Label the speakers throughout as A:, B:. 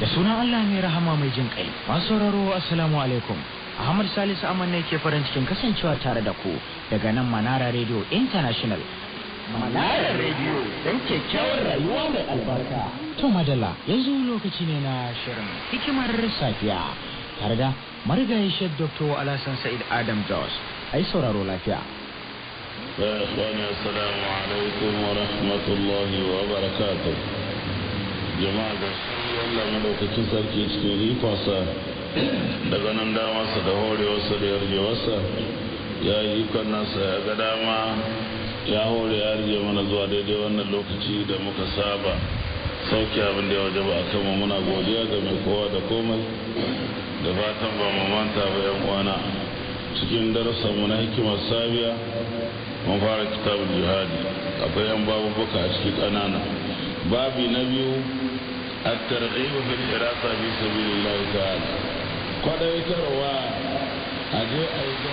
A: da sunan Allah mai rahama mai jin kai masu sauraro assalamu alaikum Ahmad Salisu Amanna ke farin cikin kasancewa tare da ku daga nan Manara Radio International Manara Radio don kyakkyawar rayuwa mai albarka to madalla yanzu lokaci ne na shirin hikimar safiya tare da marigayi Sheikh Dr. Alasan Sa'id Adam Jos ai sauraro lafiya
B: يا السلام عليكم ورحمة الله وبركاته jama'a ga Allah madaukakin sarki cikin ikonsa da ganin damarsa da horewarsa da yarjewarsa ya yi ikon ya ga dama ya hore ya rige mana zuwa daidai wannan lokaci da muka saba sauki abin da ya waje ba a kama muna godiya ga mai kowa da komai da fatan ba mu manta ba yan uwana cikin darasan mu na hikimar sabiya mun fara kitabul jihadi akwai yan babu buka a cikin ƙanana babi na biyu a targhib fil irasa fi sabilillah ta'ala kwadaitarwa a je a yi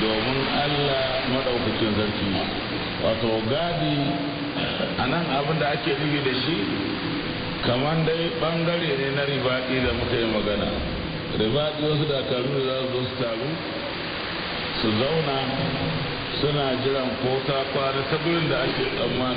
B: domin Allah maɗaukacin sarki wato gadi a nan abin da ake nufi da shi kamar dai ɓangare ne na ribaɗi da muka yi magana ribaɗi wasu dakaru da za su su taru su zauna suna jiran ko ta kwana ta da ake tsammani